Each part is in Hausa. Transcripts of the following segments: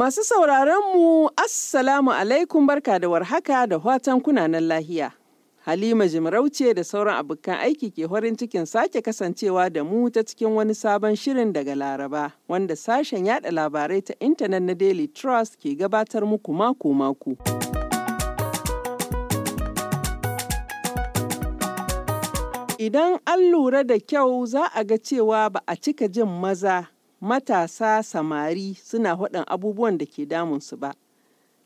Masu sauraronmu, Assalamu alaikum barka da warhaka da watan kunanan lahiya. Halima Jimarauce da sauran abokan aiki ke horin cikin sake kasancewa da mu ta cikin wani sabon shirin daga Laraba, wanda sashen yada labarai ta intanet na Daily Trust ke gabatar muku mako-mako. Idan an lura da kyau za a ga cewa ba a cika jin maza matasa samari suna haɗin abubuwan da ke damunsu ba,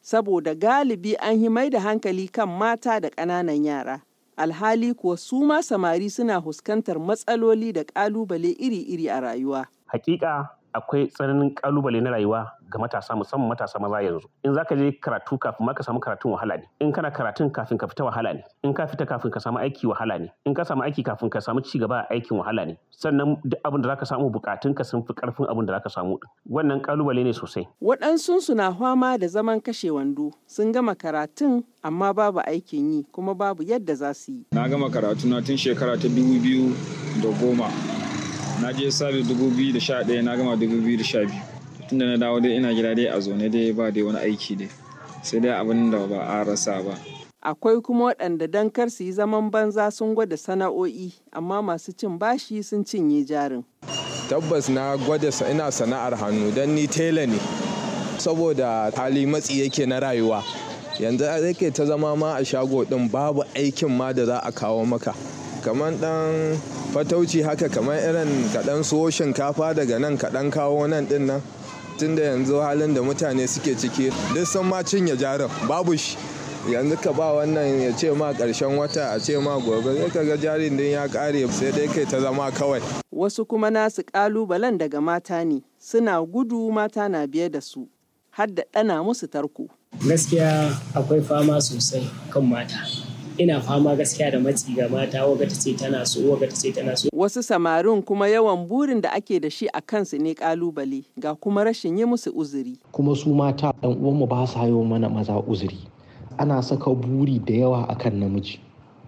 saboda galibi an yi mai da hankali kan mata da ƙananan yara. Alhali kuwa su ma samari suna fuskantar matsaloli da ƙalubale iri-iri a rayuwa. Hakika akwai tsananin kalubale na rayuwa ga matasa musamman matasa maza yanzu in za ka je karatu kafin ma ka samu karatun wahala ne in kana karatun kafin ka fita wahala ne in ka fita kafin ka samu aiki wahala ne in ka samu aiki kafin ka samu ci gaba a aikin wahala ne sannan duk abin da za ka samu bukatun ka sun fi karfin abin da za ka samu wannan kalubale ne sosai waɗansu suna fama da zaman kashe wando sun gama karatun amma babu aikin yi kuma babu yadda za su yi na gama karatu na tun shekara ta dubu biyu da goma na je sabi 2011 na gama 2012 tunda na dawo dai ina gida dai a zaune dai ba dai wani aiki dai sai dai abin da ba a rasa ba akwai kuma waɗanda don kar su yi zaman banza sun gwada sana'o'i amma masu cin bashi sun cinye jarin tabbas na gwada ina sana'ar hannu don ni tela ne saboda hali matsi yake na rayuwa yanzu yake ta zama ma a shago din babu aikin ma da za a kawo maka kaman ɗan fatauci haka kamar irin kaɗan suwo shinkafa daga nan kaɗan kawo nan ɗin nan tunda yanzu halin da mutane suke ciki duk sun ma cinye jarin babu shi yanzu ka ba wannan ya ce ma ƙarshen wata a ce ma gobe sai ka ga jarin din ya kare sai dai kai ta zama kawai. Wasu kuma nasu ƙalubalen daga mata ne suna gudu mata na biye da su har da ɗana musu tarko. Gaskiya akwai fama sosai kan mata. ina fama gaskiya da matsi ga mata waga ta ce tana so waga ta ce tana so wasu samarin kuma yawan burin da ake da shi a kansu ne kalubale ga kuma rashin yi musu uzuri kuma su mata ɗan uwanmu ba sa yi mana maza uzuri ana saka buri da yawa akan namiji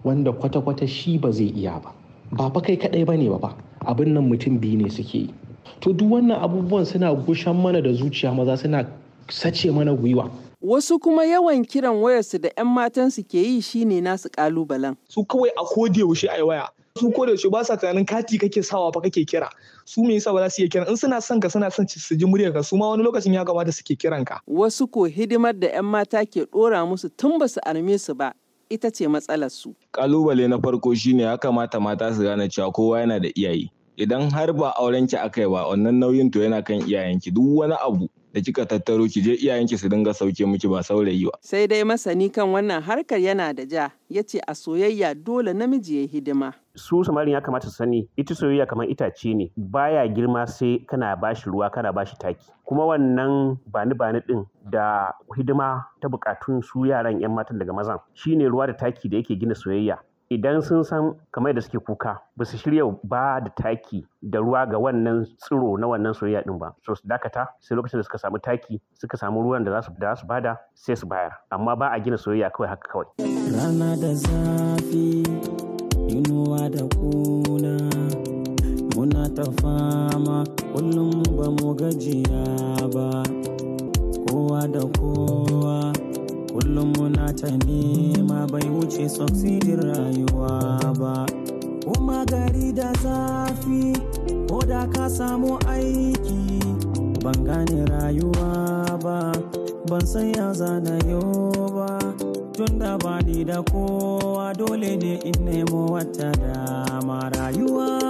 wanda kwata-kwata shi ba zai iya ba ba fa kai kadai ne ba ba abin nan mutum biyu ne suke yi to duk wannan abubuwan suna gushan mana da zuciya maza suna sace mana gwiwa. Wasu kuma yawan kiran wayarsu da 'yan matansu ke yi shine nasu kalubalen. Su kawai a koda yaushe a waya. Su koda yaushe ba sa tunanin kati kake sawa fa kake kira. Su me yasa ba za su iya kira in suna son ka suna son su ji su ma wani lokacin ya kamata suke kiran ka. Wasu ko hidimar da 'yan mata ke dora musu tun ba su arme su ba ita ce matsalar su. Kalubale na farko shine ya kamata mata su gane cewa kowa yana da iyaye. idan har ba auren ki akai ba wannan nauyin to yana kan iyayenki duk wani abu da kika tattaro ki je iyayenki su dinga sauke miki ba saurayi ba sai dai masani kan wannan harkar yana da ja yace a soyayya dole namiji ya hidima su samarin ya kamata su sani ita soyayya kamar itace ne baya girma sai kana bashi ruwa kana bashi taki kuma wannan bani bani din da hidima ta bukatun su yaran yan matan daga mazan shine ruwa da taki da yake gina soyayya idan sun san kamar da suke kuka ba su shirya ba da taki da ruwa ga wannan tsiro na wannan soyayya din ba so su dakata sai lokacin da suka samu taki suka samu ruwan da za su bada sai su bayar amma ba a gina soyayya kawai haka kawai rana da zafi inuwa da kuna muna ta fama kullum ba mu gajiya ba kowa da kowa kullum muna ta nema bai wuce succeedin rayuwa ba kuma gari da zafi ko da ka samu aiki ban gane rayuwa ba ban san ya zana yau ba tun da ba ni da kowa dole ne in nemo wata dama rayuwa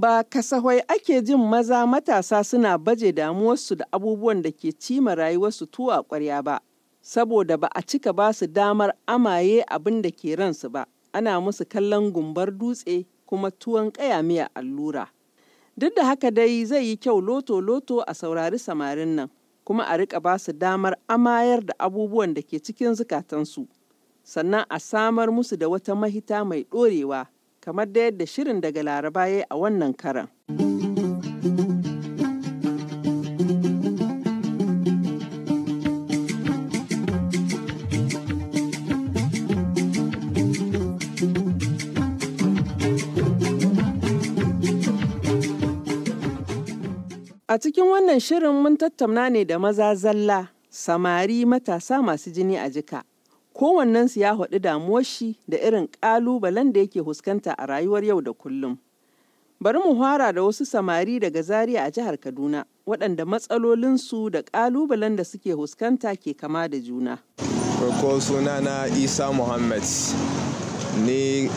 Ba kasahwai ake jin maza matasa suna baje damuwarsu da abubuwan da ke cima rayuwarsu tuwo a ƙwarya ba, saboda ba a cika ba su damar amaye abin da ke ransu ba, ana musu kallon gumbar dutse kuma tuwon ƙaya miya allura. Duk da haka dai zai yi kyau loto-loto a saurari samarin nan, kuma a riƙa ba su damar amayar da abubuwan da ke cikin zukatansu, sannan a samar musu da wata mahita mai ɗorewa kamar da yadda shirin daga laraba ya a wannan karan. A cikin wannan shirin mun tattauna ne da maza zalla, samari matasa masu jini a jika. Kowannensu ya haɗu damuwar shi da irin ƙalubalen da yake fuskanta a rayuwar yau da kullum. Bari mu hwara da wasu samari daga Zaria a jihar Kaduna, waɗanda matsalolinsu da ƙalubalen da suke fuskanta ke kama da juna. Farko sunana Isa Muhammad, ni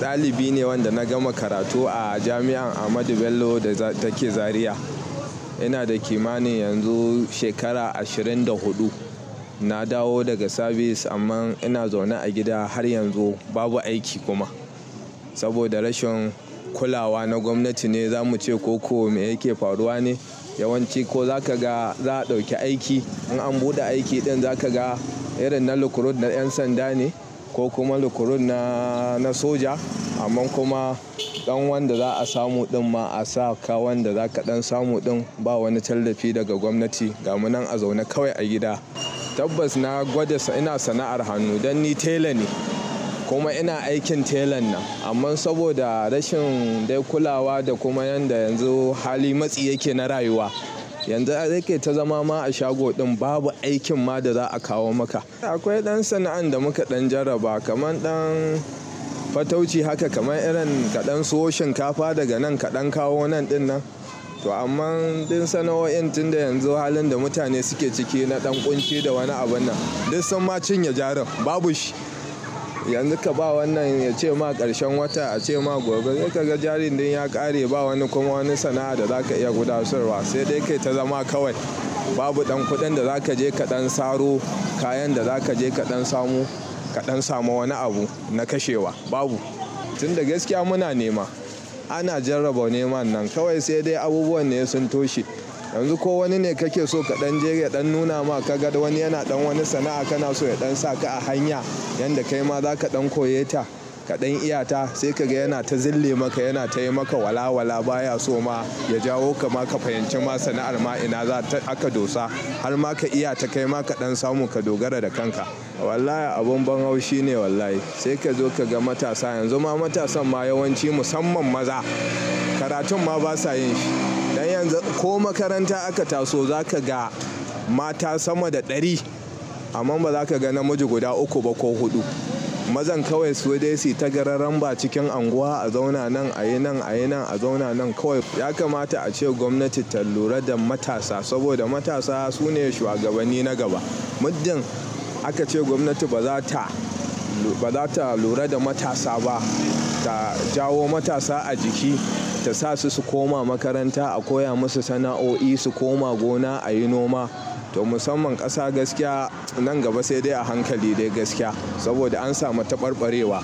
ɗalibi ne wanda na gama karatu a jami'an Ahmadu Bello da take Zaria. Ina da kimanin yanzu shekara 24. na dawo daga sabis amma ina zaune a gida har yanzu babu aiki kuma saboda rashin kulawa na gwamnati ne za mu ce koko me yake faruwa ne yawanci ko za ka ga za a ɗauki aiki in an buɗe aiki ɗin za ka ga irin na lukurut na 'yan sanda ne ko kuma lukurut na soja amma kuma dan wanda za a samu din ma a sa ka wanda za ka dan samu din ba wani tallafi daga gwamnati ga nan a zaune kawai a gida tabbas na gwada ina sana'ar hannu don ni tela ne kuma ina aikin telan nan amma saboda rashin dai kulawa da kuma yanda yanzu hali matsi yake na rayuwa yanzu yake ta zama ma a shago din babu aikin ma da za a kawo maka akwai dan sana'an da muka dan jarraba kamar dan fatauci haka kamar irin kaɗan suwo shinkafa daga nan kaɗan kawo nan din nan To amma din sana'o'in tun da yanzu halin da mutane suke ciki na dan ƙunci da wani abun nan, duk sun ma cinye jarin babu shi. Yanzu ka ba wannan ya ce ma ƙarshen wata a ce ma gobe sai ka ga jarin din ya kare ba wani kuma wani sana'a da zaka iya gudasarwa sai dai kai ta zama kawai. Babu dan kuɗin da za je ka dan saro kayan da zaka ka je ka dan samu ka dan samu wani abu na kashewa babu. Tun da gaskiya muna nema. ana jarraba neman nan kawai sai dai abubuwan ne sun toshe yanzu ko wani ne kake so ka dan je ya dan nuna ma ka ga wani yana dan wani sana'a kana so ya dan sa ka a hanya yanda kai ma za ka dan koye ta ka dan iyata sai ka ga yana ta zille maka yana ta yi maka walawala baya so ma ya jawo ka ma ka fahimci ma sana'ar ma ina za ta aka dosa har ma ka iya ta kai ma ka dan samu ka dogara da kanka wallahi abun ban haushi ne wallahi sai ka zo ka ga matasa yanzu ma matasan ma yawanci musamman maza karatun ma ba sa yin shi dan yanzu ko makaranta aka taso za ka ga mata sama da ɗari amma ba za ka ga namiji guda uku ba ko hudu mazan kawai su dai su ta gararan ba cikin anguwa a zauna nan a yi nan a yi nan a zauna nan kawai ya kamata a ce gwamnati ta lura da matasa saboda matasa su ne shugabanni na gaba muddin aka ce gwamnati ba za ta lura da matasa ba ta jawo matasa a jiki ta sa su su koma makaranta a koya musu sana'o'i su koma gona a yi noma to musamman ƙasa gaskiya nan gaba sai dai a hankali dai gaskiya saboda an samu taɓarɓarewa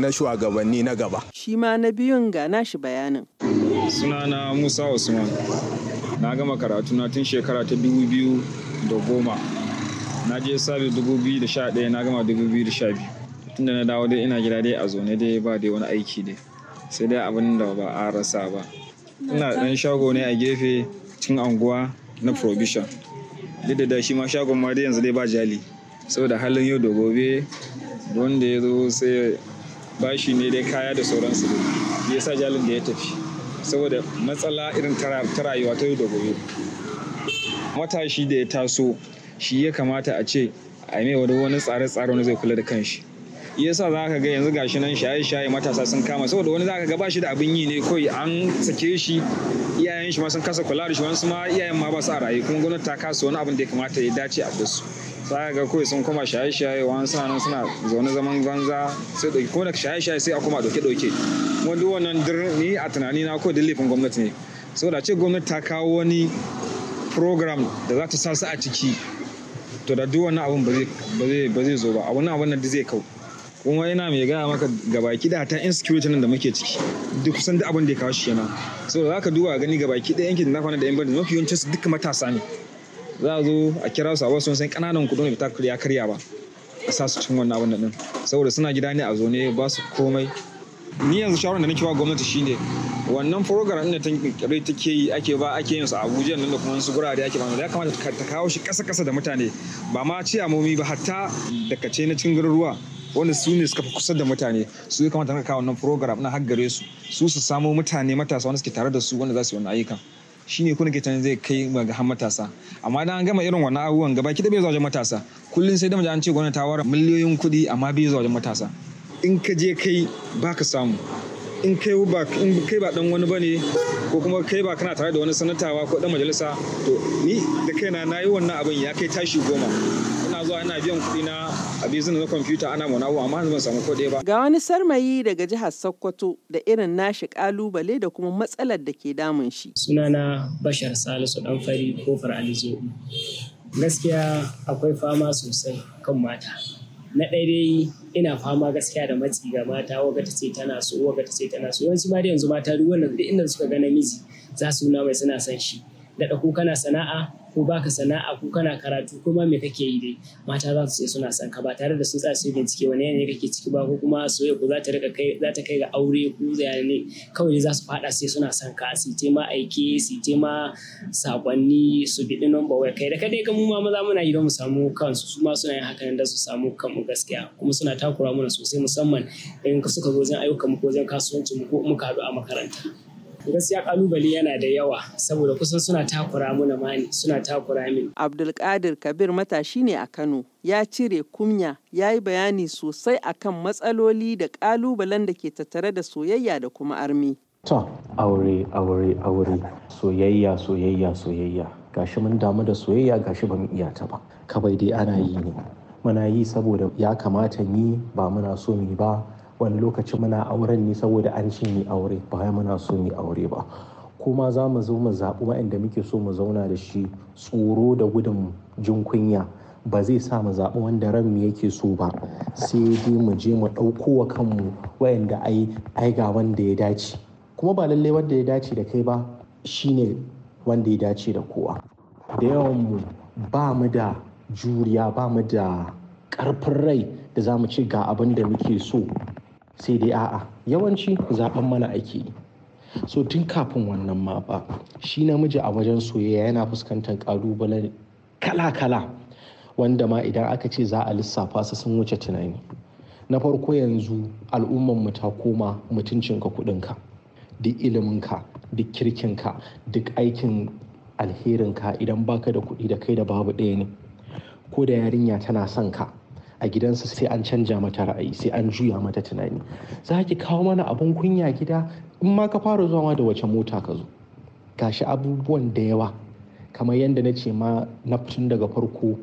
na shugabanni na gaba shi ma na biyun ga nashi bayanin sunana musa usman na gama karatu na tun shekara ta dubu biyu da goma na je sabi dubu biyu da sha ɗaya na gama dubu biyu da sha biyu Tunda na dawo dai ina gida dai a zaune dai ba dai wani aiki dai sai dai abin da ba a rasa ba ina ɗan shago ne a gefe cikin anguwa na provision duk da da shi ma shagon ma yanzu dai ba jali saboda halin yau da gobe wanda ya zo sai bashi ne dai kaya da sauransu da ya sa jalin da ya tafi saboda matsala irin ta rayuwa ta yau da gobe matashi da ya taso shi ya kamata a ce a mai wani tsare-tsare wani zai kula da kanshi yasa za ka ga yanzu gashi nan shaye-shaye matasa sun kama saboda wani za ka ga ba shi da abin yi ne kawai an sake shi iyayen shi ma sun kasa kula da shi wasu ma iyayen ma ba su a raye kuma gwamnati ta kasa wani abin da ya kamata ya dace a su za ga kawai sun koma shaye-shaye wani suna nan suna zaune zaman banza sai dauki ko da shaye-shaye sai a koma doke doke kuma duk wannan ni a tunani na kawai laifin gwamnati ne saboda ce gwamnati ta kawo wani program da za ta sa su a ciki to da duk wannan abin ba zai zo ba a nan abin da zai kawo. kuma yana mai gaya maka gabaki da ta insecurity nan da muke ciki duk kusan da abin da ya kawo shi kenan saboda zaka duba gani gabaki da yankin da na da yan bandi mafi yawancin su duka matasa ne za a zo a kira su a wasu sun kananan kudin da ta ya karya ba a sa su cikin wannan abin nan saboda suna gida ne a zo ne ba su komai ni yanzu shawarar da nake ba gwamnati shine wannan program din da ta kirkire take yi ake ba ake yin su a Abuja nan da kuma wasu gurare ake ba ya kamata ta kawo shi kasa kasa da mutane ba ma ciyamomi ba hatta ce na cikin garuruwa wanda su ne suka fi kusa da mutane su ya kamata kawo wannan program na haggare su su su samo mutane matasa wanda suke tare da su wanda za su yi wannan ayyukan shine kuna ke zai kai ga matasa amma dan an gama irin wannan abubuwan gaba ki da bai zuwa wajen matasa kullun sai da mu an ce gwamnati ta ware miliyoyin kuɗi amma bai zuwa wajen matasa in ka je kai baka samu in kai ba in kai ba dan wani bane ko kuma kai ba kana tare da wani sanatawa ko dan majalisa to ni da kaina nayi wannan abin ya kai tashi goma ina zuwa ina biyan kuɗi na a business na kwamfuta ana mana abu amma ban samu kuɗi ba. Ga wani sarmayi daga jihar Sokoto da irin nashi kalubale da kuma matsalar da ke damun shi. Sunana Bashar Salisu fari Kofar Alizo. Gaskiya akwai fama sosai kan mata. Na ɗaya dai ina fama gaskiya da matsi ga mata waga ta ce tana so waga ta ce tana so Wani ma da yanzu mata duk wanda duk inda suka ga namiji za su nuna mai suna son shi. daɗa ko kana sana'a ko baka sana'a ko kana karatu ko ma me kake yi dai mata za su ce suna son ka ba tare da sun tsaya su bincike wani yanayi kake ciki ba ko kuma soyayya ko za ta kai ga aure ko zai ne kawai za su faɗa sai suna son ka su te ma aike su te ma sakonni su biɗi number waya kai da kadai ka mu ma maza muna yi don mu samu kansu su ma suna yin hakan da su samu kanmu gaskiya kuma suna takura mana sosai musamman in suka zo wajen ayyukan mu ko wajen kasuwancin mu ko muka haɗu a makaranta. gaskiya kalubale yana da yawa saboda kusan suna takura mana mani suna takura min abdulkadir kabir matashi ne a kano ya cire kunya, ya yi bayani sosai akan matsaloli da kalubalen da ke tattare da soyayya da kuma armi to aure aure aure soyayya soyayya soyayya gashi mun damu da soyayya gashi ba mu iya ta ba kawai dai ana yi ne muna yi saboda ya kamata ni ba muna so ni ba wani lokaci muna auren ne saboda an cinye aure ba wai muna so mu aure ba kuma za mu zo mu zaɓi waɗanda muke so mu zauna da shi tsoro da gudun jin kunya ba zai sa mu zaɓi wanda ran mu yake so ba sai dai mu je mu ɗauko wa kanmu waɗanda ai ai ga wanda ya dace kuma ba lallai wanda ya dace da kai ba shine wanda ya dace da kowa da yawan mu ba mu da juriya ba mu da ƙarfin rai da za mu ci ga abin da muke so sai dai a'a yawanci zaɓen mana ake yi so tun kafin wannan ma ba. shi namiji a wajen soyayya yana fuskantar ƙalubale kala-kala wanda ma idan aka ce za a lissafa su sun wuce tunani na farko yanzu al'umman mu ta koma mutuncinka kudinka duk iliminka duk kirkinka duk aikin alherinka idan baka da kuɗi da kai da babu ɗaya ne ko da yarinya tana son ka a gidansa sai an canja mata ra'ayi sai an juya mata tunani za ki kawo mana abun kunya gida in ma ka fara zuwa da wace mota ka zo gashi abubuwan da yawa kamar yadda na ce ma na daga farko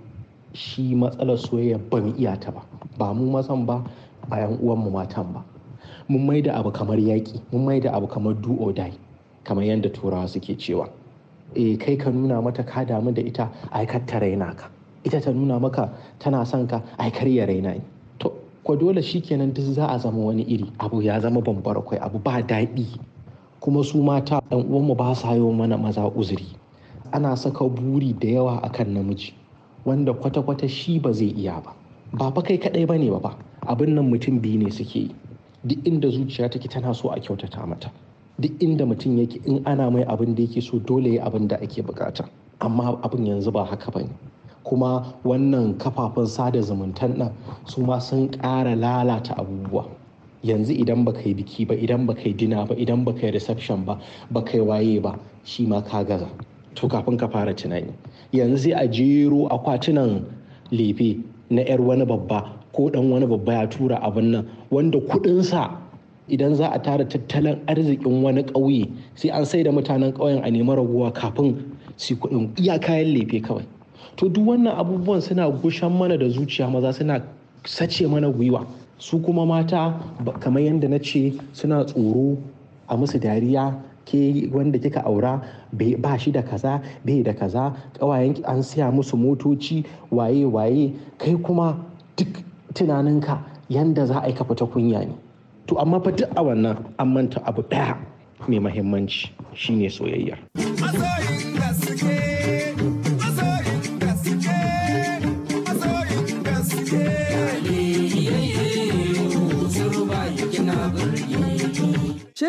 shi matsalar soyayya ba mu iya ta ba ba mu mazan ba a yan mu matan ba mun mai da abu kamar yaƙi mun mai da abu kamar do or die kamar yadda turawa suke cewa eh kai ka nuna mata ka damu da ita ai ka raina ka ita ta nuna maka tana son ka ai karya raina ne to ko dole shikenan duk za a zama wani iri abu ya zama bambara kwai abu ba daɗi kuma su mata ɗan uwanmu ba sa yi mana maza uzuri ana saka buri da yawa akan namiji wanda kwata-kwata shi ba zai iya ba ba fa kai kadai bane ba ba abin nan mutum biyu ne suke yi duk inda zuciya take tana so a kyautata mata duk inda mutum yake in ana mai abin da yake so dole ya abin da ake bukata amma abin yanzu ba haka bane kuma wannan kafafen sada zumuntan nan su ma sun ƙara lalata abubuwa yanzu idan baka yi biki ba idan ka yi dina ba idan baka yi reception ba ka yi waye ba shi ma ka gaza to kafin ka fara tunani yanzu a jero akwatunan lefe na 'yar wani babba ko dan wani babba ya tura abin nan wanda kuɗinsa idan za a tara tattalin arzikin wani ƙauye sai an sai da mutanen ƙauyen a nemi raguwa kafin su kuɗin iya kayan lefe kawai to duk wannan abubuwan suna gushan mana da zuciya maza suna sace mana gwiwa su kuma mata kamar yadda na ce suna tsoro a musu dariya ke wanda kika aura ba shi da kaza bai da kaza kawayen an siya musu motoci waye waye kai kuma duk tunaninka yadda za a yi ka fita kunya ne to amma fa duk a wannan an manta abu daya mai mahimmanci shine soyayyar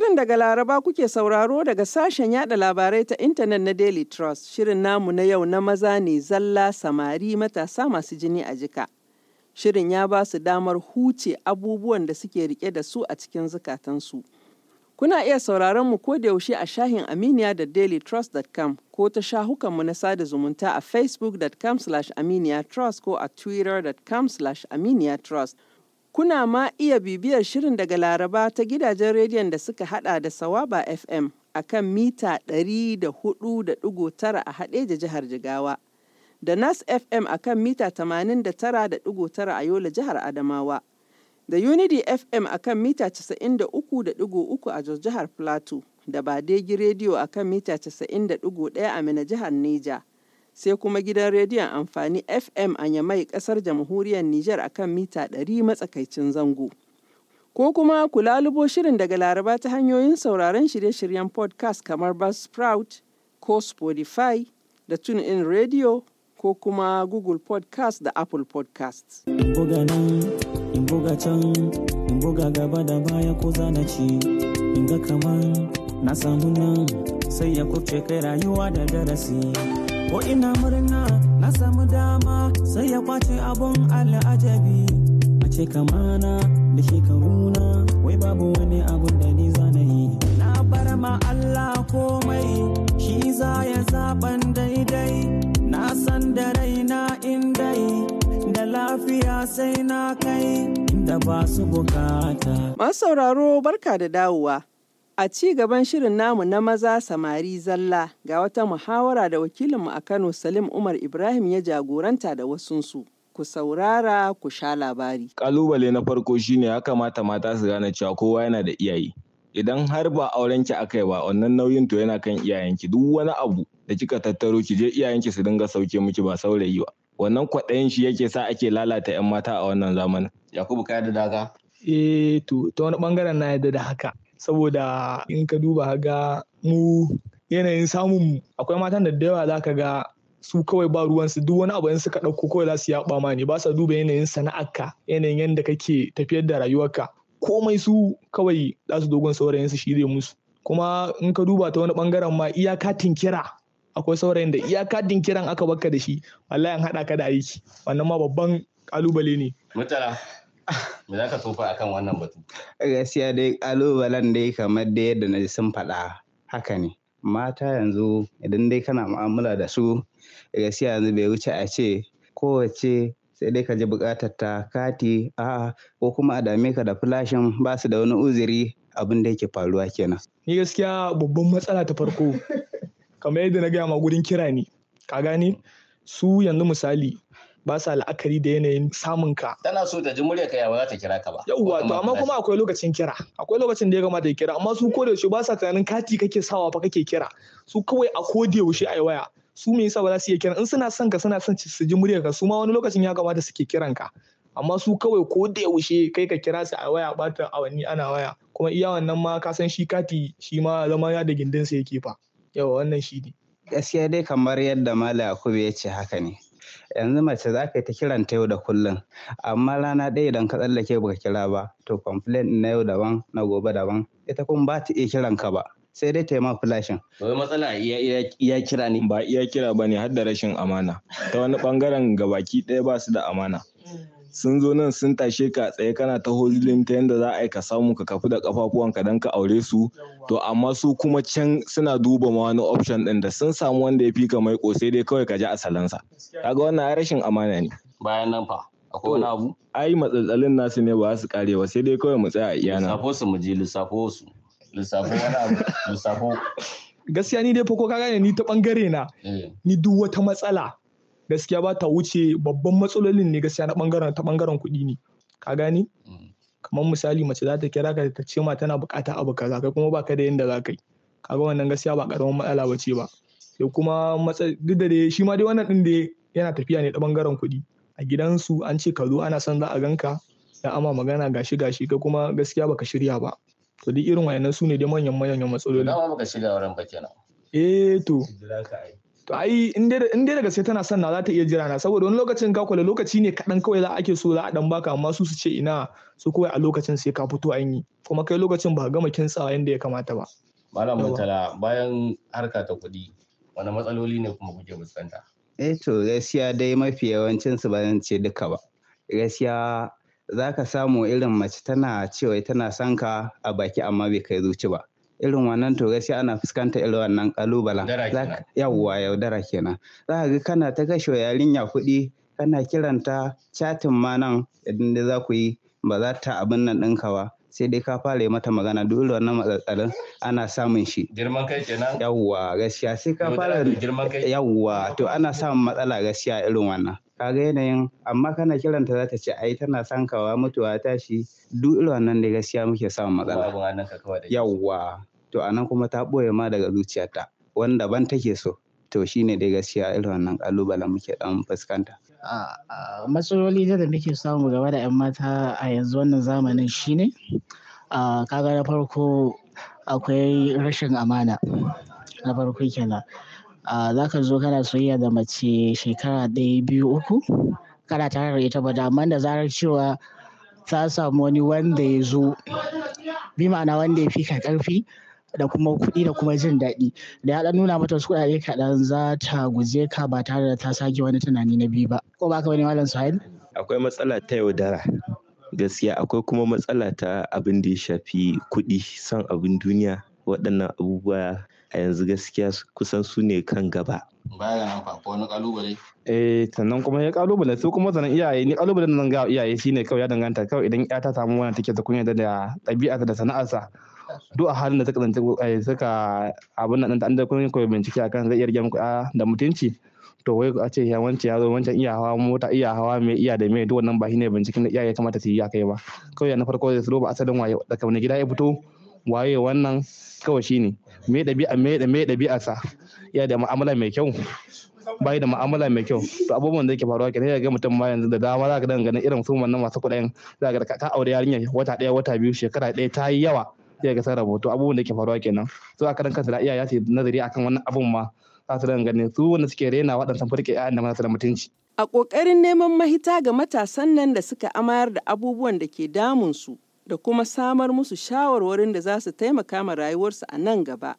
Shirin daga Laraba kuke sauraro daga sashen yada labarai ta intanet na Daily Trust. Shirin namu na yau na maza ne zalla samari matasa masu jini a jika. Shirin ya ba su damar huce abubuwan da suke rike da su a cikin zukatansu. Kuna iya sauraron mu yaushe a shahin Aminiya da dailytrust.com ko ta shahukanmu na sada zumunta a facebook.com/aminiya trust ko a twitter.com/aminiya trust. Kuna ma iya bibiyar shirin daga Laraba ta gidajen rediyon da suka hada da Sawaba FM a kan mita 104.9 a da jihar Jigawa, da Nas FM a kan mita 89.9 a Yola jihar Adamawa, da Unity FM a kan mita 93.3 a Jos jihar Plateau, da Badegi rediyo a kan mita 91.1 a Mina jihar Neja. sai kuma gidan rediyon amfani FM a Yamai kasar jamhuriyar Nijar akan mita 100 matsakaicin zango. Ko kuma ku lalubo shirin daga Laraba ta hanyoyin sauraron shirye-shiryen podcast kamar Buzzsprout ko Spotify da in Radio ko kuma Google Podcast da Apple Podcast. Buga nan, na samu nan sai ya kurce kai rayuwa da darasi. ko ina murna na samu dama sai ya kwace abun al'ajabi a ce kamana da shekaruna wai babu wani abun da ni zana yi na bar ma Allah komai shi za ya zaban daidai na san da raina in dai da lafiya sai na kai da ba su bukata masu sauraro barka da dawowa A ci gaban shirin namu na maza samari zalla ga wata muhawara da wakilinmu a Kano Salim Umar Ibrahim ya jagoranta da wasunsu. ku saurara ku sha labari. Kalubale na farko shine ya kamata mata su gane cewa kowa yana da iyaye. Idan har ba aurenki ki akai ba wannan nauyin to yana kan iyayenki duk wani abu da kika tattaro ki je iyayenki su dinga sauke miki ba saurayi ba. Wannan kwaɗayin shi yake sa ake lalata 'yan mata a wannan zamanin. Yakubu ka da daga? Eh to ta wani bangaren na yadda da haka saboda in ka duba ga mu yanayin samun akwai matan da da yawa za ka ga su kawai ba ruwansu duk wani abu in suka ɗauko kawai za su yaɓa ma ne ba sa duba yanayin sana'arka yanayin yadda kake tafiyar da rayuwarka komai su kawai za su dogon saurayin su shirye musu kuma in ka duba ta wani bangaren ma iyaka tinkira akwai saurayin da iyaka tinkiran aka baka da shi wallahi an haɗa ka da aiki wannan ma babban kalubale ne Me za ka tofa kan wannan batu? Gaskiya dai ƙalubalen dai kamar da yadda na ji sun faɗa haka ne. Mata yanzu idan dai kana mu'amala da su gaskiya yanzu bai wuce a ce kowace sai dai ka ji buƙatar ta kati a ko kuma a dame ka da flashin ba su da wani uziri. abin da yake faruwa kenan. Ni gaskiya babban matsala ta farko kamar yadda na gaya ma gurin kira ne ka gane su yanzu misali ba sa la'akari da yanayin samun ka tana so ta ji murya ka ya ba ta kira ka ba Yawwa to amma kuma akwai lokacin kira akwai lokacin da ya kamata ya kira amma su ko da yaushe ba sa tunanin kati kake sawa fa kake kira su kawai a ko da yaushe ai waya su me yasa ba za su iya kira in suna son ka suna son su ji murya ka su ma wani lokacin ya kamata suke kiran ka amma su kawai ko da yaushe kai ka kira su a waya bata awanni ana waya kuma iya wannan ma ka san shi kati shi ma zama ya da gindinsa yake fa Yawwa wannan shi ne gaskiya dai kamar yadda Malam yakubu ya ce haka ne yanzu mace za ka yi ta kiran ta yau da kullum amma rana ɗaya idan ka tsallake baka kira ba to complain na yau daban na gobe daban ita kun ba ta iya kiran ka ba sai dai ta yi ma flashin. Wai matsala iya kira ne? Ba iya kira ba ne har da rashin amana. Ta wani bangaren gabaki ɗaya ba su da amana. Mm. sun zo nan sun tashe ka tsaye kana ta holding ta yadda za a yi ka samu ka kafu da ka don ka aure su to amma su kuma can suna duba ma wani option din da sun samu wanda ya fi ka mai sai dai kawai ka ji asalansa kaga wannan rashin amana ne bayan nan fa akwai wani abu ai matsaltsalin nasu ne ba su kare ba sai dai kawai mu tsaya iyana lissafo su mu je lissafo su lissafo wani abu lissafo gaskiya ni dai fa ko ka gane ni ta bangare na eh. ni duk wata matsala gaskiya ba ta wuce babban matsalolin ne gaskiya na bangaren ta bangaren kuɗi ne ka gane mm. kamar misali mace za ta kira ka ta ce ma tana bukata abu kaza kai kuma baka da yanda za ka yi kaga wannan gaskiya ba karamin matsala ba ce ba sai kuma duk da dai shi ma dai wannan din da yana tafiya ne ta bangaren kuɗi a gidansu an ce ka zo ana son za a ganka da ama magana gashi gashi kai kuma gaskiya baka shirya ba to duk irin wayannan su ne dai manyan manyan matsaloli ba ka shirya wurin ba kenan eh to To ai in dai da gaske tana son na za ta iya jira na saboda wani lokacin ka kula lokaci ne kaɗan kawai za ake so za a dan baka amma su su ce ina su kawai a lokacin sai ka fito an yi kuma kai lokacin ba gama kintsawa yadda ya kamata ba. Malam Murtala bayan harka ta kuɗi wani matsaloli ne kuma kuke fuskanta? Eh to gaskiya dai mafi yawancin su ba zan ce duka ba. Gaskiya za ka samu irin mace tana cewa tana son ka a baki amma bai kai zuci ba. irin wannan to gaskiya ana fuskanta irin wannan kalubala yawwa yaudara kenan za a ga kana ta kashe yarinya kuɗi kana kiranta chatin ma nan idan za ku yi ba za ta abin nan ɗinka ba sai dai ka fara yi mata magana dole wannan matsatsalin ana samun shi girman kai kenan yawwa gaskiya sai ka fara yawwa to ana samun matsala gaskiya irin wannan kaga yanayin amma kana kiranta za ta ce ai tana son kawa mutuwa ta shi duk irin wannan da gaskiya muke samun matsala yawwa to anan kuma ta ɓoye ma daga zuciyarta wanda ban take so to shine dai gaskiya irin wannan kalubalen muke dan fuskanta matsaloli da muke samu gaba da 'yan mata a yanzu wannan zamanin shine kaga na farko akwai rashin amana na farko kenan za ka zo kana soyayya da mace shekara ɗaya biyu uku kana tare da ita ba da amma da zarar cewa ta samu wani wanda ya zo bi ma'ana wanda ya fi ka ƙarfi da kuma kuɗi da kuma jin daɗi da ya ɗan nuna mata wasu kuɗaɗe kaɗan za ta guje ka ba tare da ta sake wani tunani na biyu ba ko ba ka bane malam suhail akwai matsala ta yaudara gaskiya akwai kuma matsala ta abin da ya shafi kuɗi son abin duniya waɗannan abubuwa a yanzu gaskiya kusan su ne kan gaba bayan haka ko wani kalubale eh sannan kuma ya kalubale su kuma sanan iyaye ni kalubalen nan ga iyaye shine kawai ya danganta kawai idan ya ta samu wannan take da kunya da ɗabi'arsa da sana'arsa duk a halin da eh, ta kasance suka abin nan an da kun koyi bincike akan zai iya rage kuɗa ah, da mutunci to wai a ce ya wancan ya zo wancan iya hawa mota iya hawa mai iya da mai duk wannan ba shi ne binciken da iyaye kamata su yi akai ba kawai na farko zai zo ba asalin waye daga wani gida ya fito waye wannan kawai shine me dabi'a mai da me dabi'a sa iya da mu'amala mai kyau bai da mu'amala mai kyau to abubuwan da yake faruwa kenan ya ga mutum ma yanzu da dama za ka dan ganin irin su wannan masu kuɗin za ka ka aure yarinya wata ɗaya wata biyu shekara ɗaya ta yi yawa sai ga sarrafa to abubuwan da ke faruwa kenan to a karan kansa da iyaye su nazari akan wannan abun ma za su ran su wanda suke rena waɗansan furke ƴaƴan da masu da mutunci a ƙoƙarin neman mahita ga matasan nan da suka amayar da abubuwan da ke damun su da kuma samar musu shawarwarin da za su taimaka ma rayuwarsu a nan gaba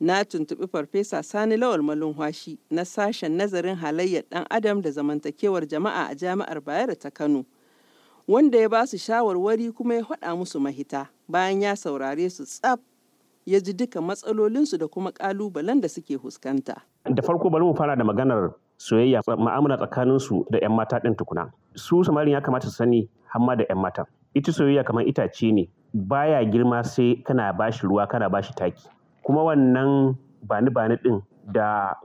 na tuntuɓi farfesa sani lawal malumhashi na sashen nazarin halayyar ɗan adam da zamantakewar jama'a a jami'ar bayero ta kano wanda ya ba su shawarwari kuma ya faɗa musu mahita bayan ya saurare su tsaf ya ji duka matsalolinsu da kuma kalubalen da suke huskanta. Da farko bari mu fara da maganar soyayya ma'amala tsakaninsu da 'yan mata ɗin tukuna. Su samarin ya kamata su sani hamma da 'yan mata. Ita soyayya kamar itace ne baya girma sai kana bashi ruwa kana bashi taki. Kuma wannan bani bani ɗin da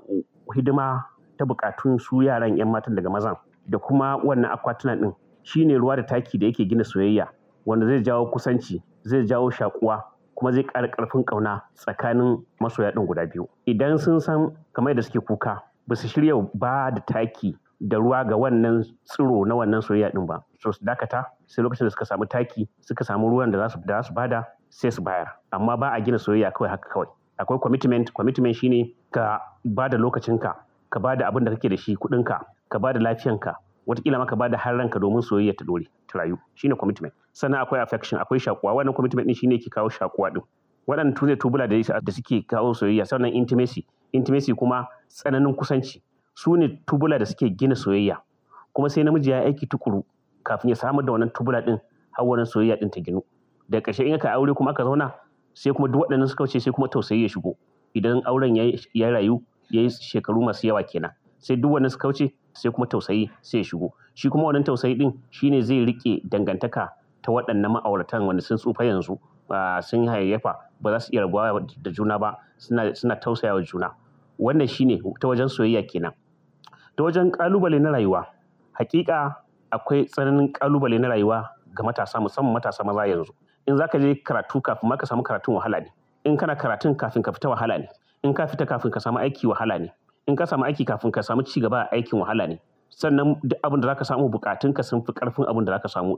hidima ta buƙatun su yaran 'yan matan daga mazan da kuma wannan akwatunan ɗin shine ruwa da taki da yake gina soyayya wanda zai jawo kusanci zai jawo shakuwa kuma zai ƙara ƙarfin ƙauna tsakanin masoya ɗin guda biyu idan sun san kamar da suke kuka ba su shirya ba da taki da ruwa ga wannan tsiro na wannan soyayya ɗin ba so su dakata sai lokacin da suka samu taki suka samu ruwan da za su bada sai su bayar amma ba a gina soyayya kawai haka kawai akwai commitment commitment shine ka ba da lokacinka ka ba da abin da kake da shi kuɗinka ka ba da lafiyanka watakila maka ba da har ranka domin soyayya ta dore ta rayu shine commitment sannan akwai affection akwai shakuwa wannan commitment din shine ke kawo shakuwa din waɗannan tuze tubula da suke kawo soyayya sannan intimacy intimacy kuma tsananin kusanci su ne tubula da suke gina soyayya kuma sai namiji ya aiki tukuru kafin ya samar da wannan tubula din har wannan soyayya din ta ginu da ƙarshe in aka aure kuma aka zauna sai kuma duk waɗannan suka wuce sai kuma tausayi ya shigo idan auren ya rayu ya yi shekaru masu yawa kenan sai duk wannan suka wuce sai kuma tausayi sai ya shigo shi kuma wannan tausayi din shine zai rike dangantaka ta waɗannan ma'auratan wanda sun tsufa yanzu sun hayayyafa ba za su iya rabuwa da juna ba suna tausaya wa juna wannan shine ta wajen soyayya kenan ta wajen kalubale na rayuwa hakika akwai tsananin kalubale na rayuwa ga matasa musamman matasa maza yanzu in za ka je karatu kafin ma ka samu karatun wahala ne in kana karatun kafin ka fita wahala ne in ka fita kafin ka samu aiki wahala ne in ka samu aiki kafin ka samu ci gaba a aikin wahala ne sannan duk abin da za ka samu bukatun ka sun fi karfin abin da za ka samu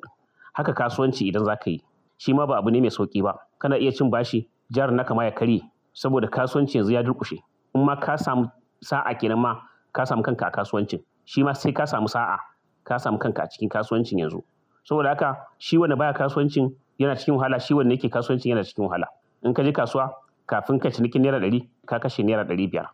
haka kasuwanci idan za ka yi shi ma ba abu ne mai sauki ba kana iya cin bashi jarin naka ma ya karye saboda kasuwanci yanzu ya durkushe in ma ka samu sa'a kenan ma ka samu kanka a kasuwancin shi ma sai ka samu sa'a ka samu kanka a cikin kasuwancin yanzu saboda haka shi wanda baya kasuwancin yana cikin wahala shi wanda yake kasuwancin yana cikin wahala in ka je kasuwa kafin ka ciniki naira ɗari ka kashe naira ɗari biyar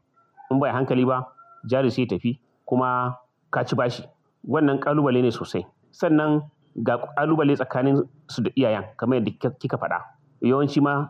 in bai hankali ba jari sai tafi kuma ka ci bashi wannan kalubale ne sosai sannan ga kalubale tsakanin su da iyayen kamar yadda kika faɗa yawanci ma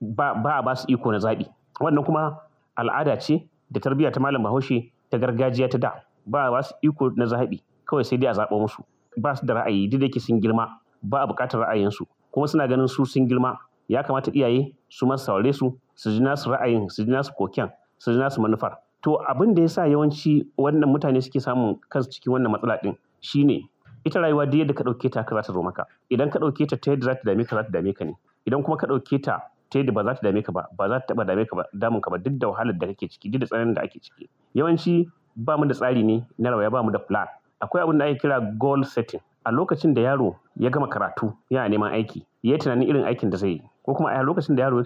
ba a ba su iko na zaɓi wannan kuma al'ada ce da tarbiyya ta malam bahaushe ta gargajiya ta da ba a ba su iko na zaɓi kawai sai dai a zaɓo musu ba su da ra'ayi duk da yake sun girma ba a buƙatar ra'ayinsu kuma suna ganin su sun girma ya kamata iyaye su ma saurare su su ji nasu ra'ayin su ji nasu koken su ji nasu manufar to abin da ya sa yawanci wannan mutane suke samun kansu cikin wannan matsala ɗin shine ita rayuwa duk yadda ka ɗauke ta ka za ta zo maka idan ka ɗauke ta ta yadda za ta dame ka za ta dame ka ne idan kuma ka ɗauke ta ta yadda ba za ta dame ka ba ba za ta taɓa dame ka ba damun ka ba duk da wahalar da kake ciki duk da tsananin da ake ciki yawanci ba mu da tsari ne na rawaya ba mu da plan akwai abin da ake kira goal setting a lokacin da yaro ya gama karatu yana neman aiki ya tunanin irin aikin da zai yi ko kuma a lokacin da yaro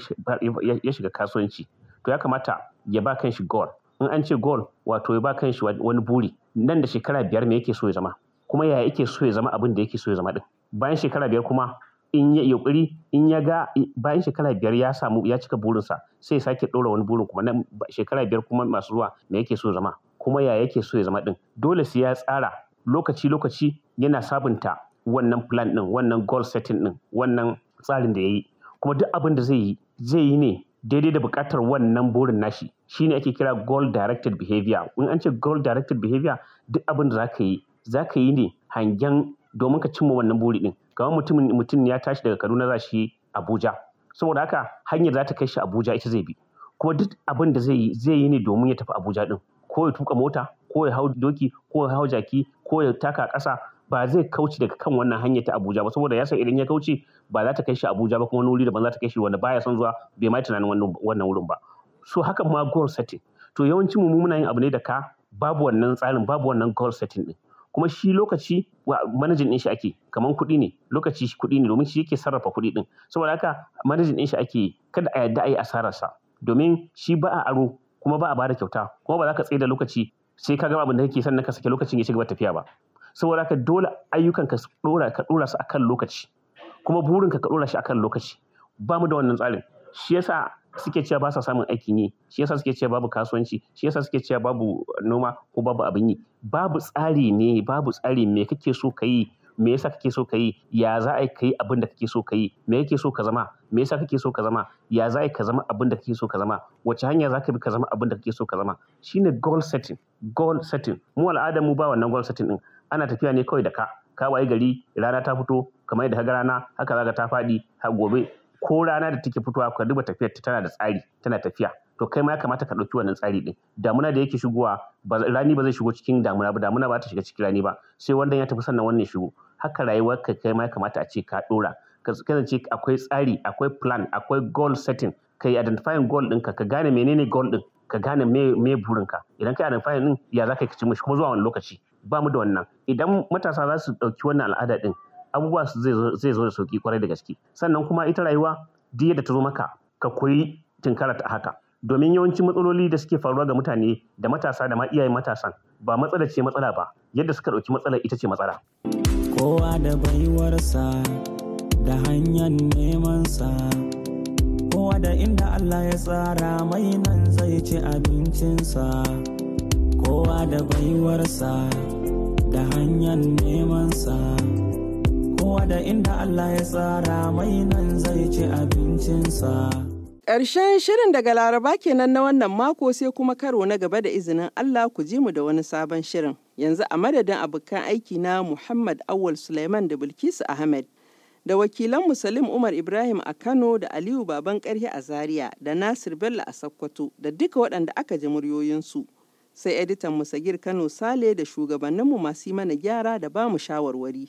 ya shiga kasuwanci to ya kamata ya ba kanshi goal in an ce goal wato ya ba kanshi wani buri nan da shekara biyar me yake so ya zama kuma yaya yake so ya zama abin da yake so ya zama din bayan shekara biyar kuma in ya yukuri in ya ga bayan shekara biyar ya samu ya cika burinsa sai ya sake ɗora wani burin kuma na shekara biyar kuma masu ruwa me yake so ya zama kuma ya yake so ya zama din dole sai ya tsara lokaci lokaci yana sabunta wannan plan din wannan goal setting din wannan tsarin da ya yi kuma duk abin da zai yi zai yi ne daidai da buƙatar wannan burin nashi shine ake kira goal directed behavior in an ce goal directed behavior duk abin da zaka yi za ka yi ne hangen domin ka cimma wannan buri ɗin. Kamar mutumin mutum ya tashi daga Kaduna za shi Abuja. Saboda haka hanyar za ta kai shi Abuja ita zai bi. Kuma duk abin da zai yi zai yi ne domin ya tafi Abuja din Ko ya tuka mota, ko ya hau doki, ko ya hau jaki, ko ya taka ƙasa ba zai kauce daga kan wannan hanyar ta Abuja ba saboda ya san idan ya kauce ba za ta kai shi Abuja ba kuma wani wuri ba za ta kai shi wanda baya son zuwa bai mai tunanin wannan wannan wurin ba. So hakan ma goal setting. To yawancin mu muna yin abu ne da ka babu wannan tsarin babu wannan goal setting ɗin. kuma shi lokaci manajin ɗin shi ake kamar kuɗi ne lokaci kuɗi ne domin shi yake sarrafa kuɗi ɗin saboda haka manajin ɗin shi ake kada a yarda a yi asararsa domin shi ba a aro kuma ba a bada kyauta kuma ba za ka tsaye da lokaci sai ka gama abin da kake sannan ka sake lokacin ya ci gaba tafiya ba saboda haka dole ayyukan ka ɗora ka dora su akan lokaci kuma burinka ka dora shi akan lokaci ba mu da wannan tsarin shi yasa suke cewa ba sa samun aikin yi shi yasa suke cewa babu kasuwanci shi yasa suke cewa babu noma ko babu abin yi babu tsari ne babu tsari me kake so ka yi me yasa kake so ka yi ya za a kai abin da kake so ka yi me kake so ka zama me yasa kake so ka zama ya za a ka zama abin da kake so ka zama wace hanya za ka bi ka zama abin da kake so ka zama shine goal setting goal setting mu al'adar mu ba wannan goal setting din ana tafiya ne kawai da ka ka wayi gari rana ta fito kamar yadda ka rana haka zaka ta faɗi ha gobe ko rana da take fitowa ka duba tafiyar ta tana da tsari tana tafiya to kai ma ya kamata ka ɗauki wannan tsari ɗin damuna da yake shigowa rani ba zai shigo cikin damuna ba damuna ba ta shiga cikin rani ba sai wanda ya tafi sannan wannan shigo haka rayuwar ka kai ma ya kamata a ce ka ɗora ka kasance akwai tsari akwai plan akwai goal setting kai yi identifying goal din ka ka gane menene goal ɗin ka gane me burinka idan ka yi identifying ɗin ya za ka yi ka kuma zuwa wani lokaci ba mu da wannan idan matasa za su ɗauki wannan al'ada din. abubuwa zai zo da sauki kwarai da gaske sannan kuma ita rayuwa Diya da ta zo maka ka koyi tinkara ta haka domin yawancin matsaloli da suke faruwa ga mutane da matasa da ma iyaye matasan ba matsala ce matsala ba yadda suka ɗauki matsala ita ce matsala kowa da baiwarsa da hanyar neman sa kowa da inda Allah ya tsara mai nan zai ci abincinsa kowa da baiwarsa da hanyar neman sa kowa da inda Allah ya tsara mai nan zai ci abincinsa. Ƙarshen shirin daga Laraba kenan na wannan mako sai kuma karo na gaba da izinin Allah ku ji mu da wani sabon shirin. Yanzu a madadin abokan aiki na Muhammad Awal Suleiman da Bilkisu Ahmed. Da wakilan Musalim Umar Ibrahim a Kano da Aliyu Baban Karhi a Zaria da Nasir Bello a Sokoto da duka waɗanda aka ji muryoyinsu. sai editan musagir kano sale da shugabanninmu masu mana gyara da ba mu shawarwari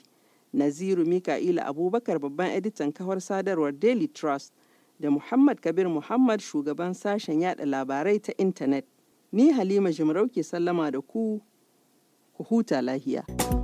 Naziru Mika'ila Abubakar babban editan kawar sadarwar Daily Trust da Muhammad Kabir Muhammad shugaban sashen yada labarai ta intanet. Ni Halima Jimarauke sallama da ku, ku huta lahiya.